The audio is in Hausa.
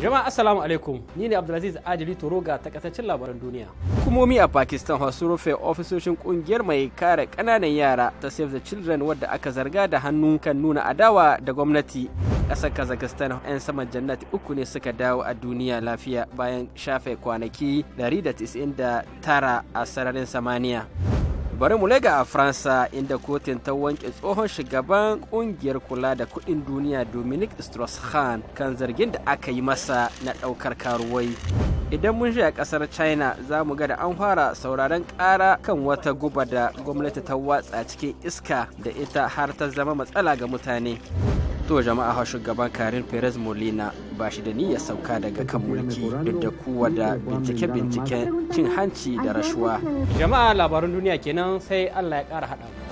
Jama'a Assalamu alaikum ni ne Abdulaziz Adili Toroga ta kasashen labaran duniya. Hukumomi a Pakistan wasu rufe ofisoshin kungiyar mai kare kananan yara ta Save the Children wadda aka zarga da hannu kan nuna adawa da gwamnati. Ƙasar Kazakhstan 'yan saman jannati uku ne suka dawo a duniya lafiya bayan shafe kwanaki 199 a sararin samaniya. bari mu lega a faransa inda kotun ta wanke tsohon shugaban kungiyar kula da kudin duniya dominic strauss khan kan zargin da aka yi masa na daukar karuwai idan mun shi a kasar china za mu ga da an fara sauraren kara kan wata guba da gwamnati ta watsa cikin iska da ita har ta zama matsala ga mutane fito jama'a shugaban karin perez molina ba shi da niyyar sauka daga kan mulki duk da kuwa da bincike-binciken cin hanci da rashuwa jama'a labarun duniya kenan sai allah ya kara haɗa